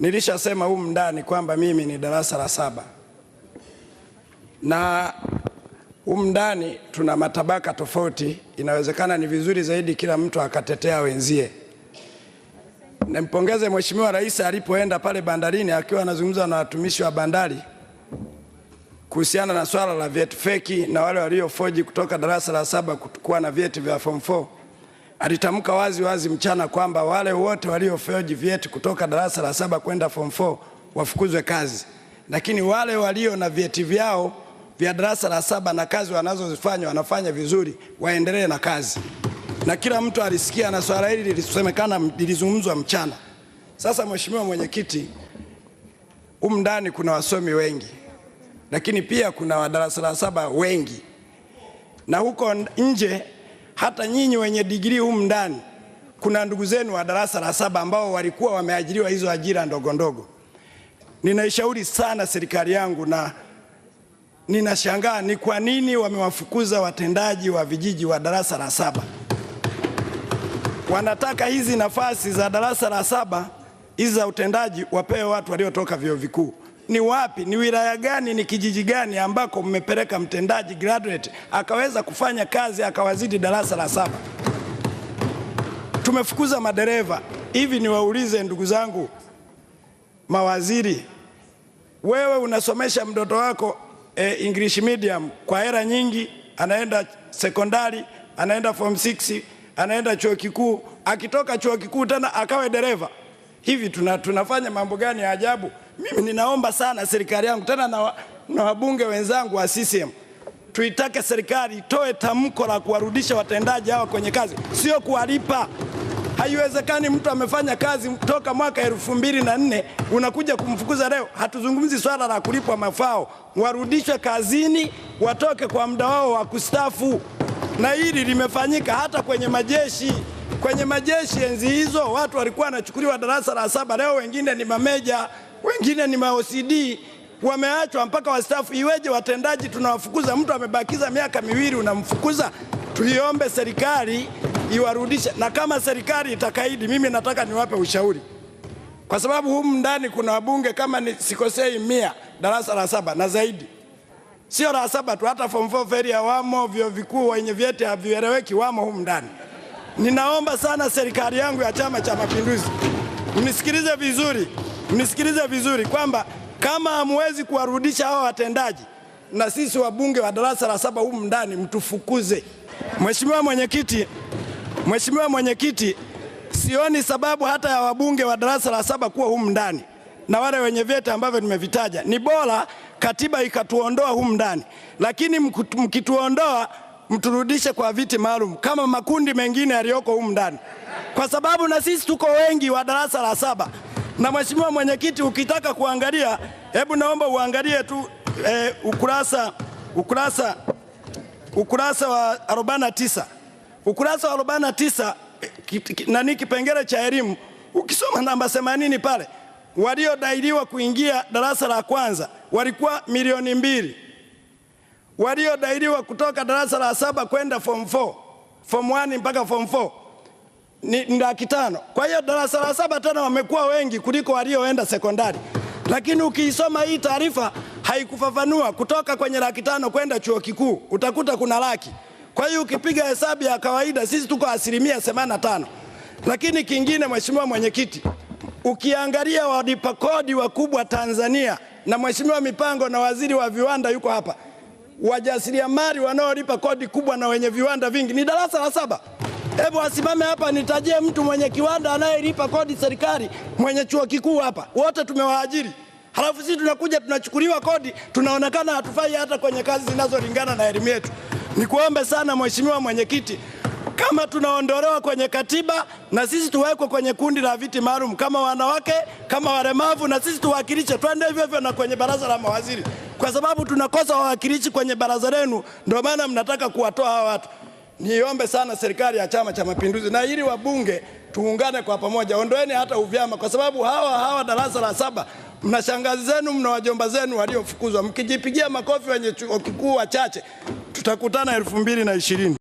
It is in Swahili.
Nilishasema humu ndani kwamba mimi ni darasa la saba na humu ndani tuna matabaka tofauti. Inawezekana ni vizuri zaidi kila mtu akatetea wenzie. Nimpongeze Mheshimiwa Rais alipoenda pale bandarini akiwa anazungumza na watumishi wa bandari kuhusiana na swala la vyeti feki na wale waliofoji kutoka darasa la saba kuwa na vyeti vya form 4 alitamka wazi wazi mchana kwamba wale wote waliofeoji vyeti kutoka darasa la saba kwenda form 4 wafukuzwe kazi, lakini wale walio na vyeti vyao vya darasa la saba na kazi wanazozifanya wanafanya vizuri, waendelee na kazi. Na kila mtu alisikia, na swala hili lilisemekana, lilizungumzwa mchana. Sasa Mheshimiwa Mwenyekiti, humu ndani kuna wasomi wengi, lakini pia kuna wadarasa la saba wengi, na huko nje hata nyinyi wenye digrii humu ndani kuna ndugu zenu wa darasa la saba ambao walikuwa wameajiriwa hizo ajira ndogo ndogo. Ninaishauri sana serikali yangu na ninashangaa ni kwa nini wamewafukuza watendaji wa vijiji wa darasa la saba. Wanataka hizi nafasi za darasa la saba hizi za utendaji wapewe watu waliotoka vyuo vikuu ni wapi, ni wilaya gani, ni kijiji gani ambako mmepeleka mtendaji graduate akaweza kufanya kazi akawazidi darasa la saba. Tumefukuza madereva hivi. Niwaulize ndugu zangu mawaziri, wewe unasomesha mtoto wako e, English medium kwa hela nyingi, anaenda sekondari, anaenda form 6, anaenda chuo kikuu, akitoka chuo kikuu tena akawe dereva. Hivi tuna, tunafanya mambo gani ya ajabu? Mimi ninaomba sana serikali yangu tena na, na wabunge wenzangu wa CCM tuitake serikali itoe tamko la kuwarudisha watendaji hawa kwenye kazi, sio kuwalipa. Haiwezekani mtu amefanya kazi toka mwaka elfu mbili na nne unakuja kumfukuza leo. Hatuzungumzi swala la kulipwa mafao, warudishwe kazini, watoke kwa muda wao wa kustafu, na hili limefanyika hata kwenye majeshi. Kwenye majeshi enzi hizo watu walikuwa wanachukuliwa darasa la saba, leo wengine ni mameja wengine ni maocd wameachwa mpaka wastafu Iweje watendaji tunawafukuza? Mtu amebakiza miaka miwili unamfukuza. Tuiombe serikali iwarudishe, na kama serikali itakaidi, mimi nataka niwape ushauri, kwa sababu humu ndani kuna wabunge kama ni sikosei mia darasa la saba na zaidi, sio la saba tu, hata form 4 feri wamo, vyo vikuu wenye vyeti havieleweki wamo humu ndani. Ninaomba sana serikali yangu ya Chama cha Mapinduzi mnisikilize vizuri mnisikilize vizuri kwamba kama hamwezi kuwarudisha hawa watendaji, na sisi wabunge wa darasa la saba humu ndani mtufukuze. Mheshimiwa Mwenyekiti, Mheshimiwa Mwenyekiti, sioni sababu hata ya wabunge wa darasa la saba kuwa humu ndani na wale wenye vyeti ambavyo nimevitaja. Ni bora katiba ikatuondoa humu ndani, lakini mkituondoa mturudishe kwa viti maalum kama makundi mengine yaliyoko humu ndani, kwa sababu na sisi tuko wengi wa darasa la saba. Na mheshimiwa mwenyekiti, ukitaka kuangalia, hebu naomba uangalie tu eh, ukurasa ukurasa ukurasa wa 49 ukurasa wa 49 eh, nani kipengele cha elimu, ukisoma namba 80 pale, waliodailiwa kuingia darasa la kwanza walikuwa milioni mbili, waliodailiwa kutoka darasa la saba kwenda form 4 form 1 mpaka form 4 ni laki tano. Kwa hiyo darasa la saba tena wamekuwa wengi kuliko walioenda sekondari, lakini ukiisoma hii taarifa haikufafanua kutoka kwenye laki tano kwenda chuo kikuu utakuta kuna laki. Kwa hiyo ukipiga hesabu ya kawaida sisi tuko asilimia themanini tano. Lakini kingine, Mheshimiwa Mwenyekiti, ukiangalia walipa kodi wakubwa Tanzania na Mheshimiwa mipango na waziri wa viwanda yuko hapa, wajasiriamali wanaolipa kodi kubwa na wenye viwanda vingi ni darasa la saba. Hebu asimame hapa nitajie mtu mwenye kiwanda anayelipa kodi serikali, mwenye chuo kikuu hapa, wote tumewaajiri, halafu sisi tunakuja tunachukuliwa kodi, tunaonekana hatufai hata kwenye kazi zinazolingana na elimu yetu. Nikuombe sana mheshimiwa mwenyekiti, kama tunaondolewa kwenye katiba na sisi tuwekwe kwenye kundi la viti maalum kama wanawake, kama walemavu, na sisi tuwakilishe, twende hivyo hivyo na kwenye baraza la mawaziri, kwa sababu tunakosa wawakilishi kwenye baraza lenu, ndio maana mnataka kuwatoa hawa watu. Niombe sana serikali ya Chama cha Mapinduzi na ili wabunge tuungane kwa pamoja, ondoeni hata uvyama, kwa sababu hawa hawa darasa la saba mna shangazi zenu, mna wajomba zenu waliofukuzwa. Mkijipigia makofi wenye chuo kikuu wachache, tutakutana elfu mbili na ishirini.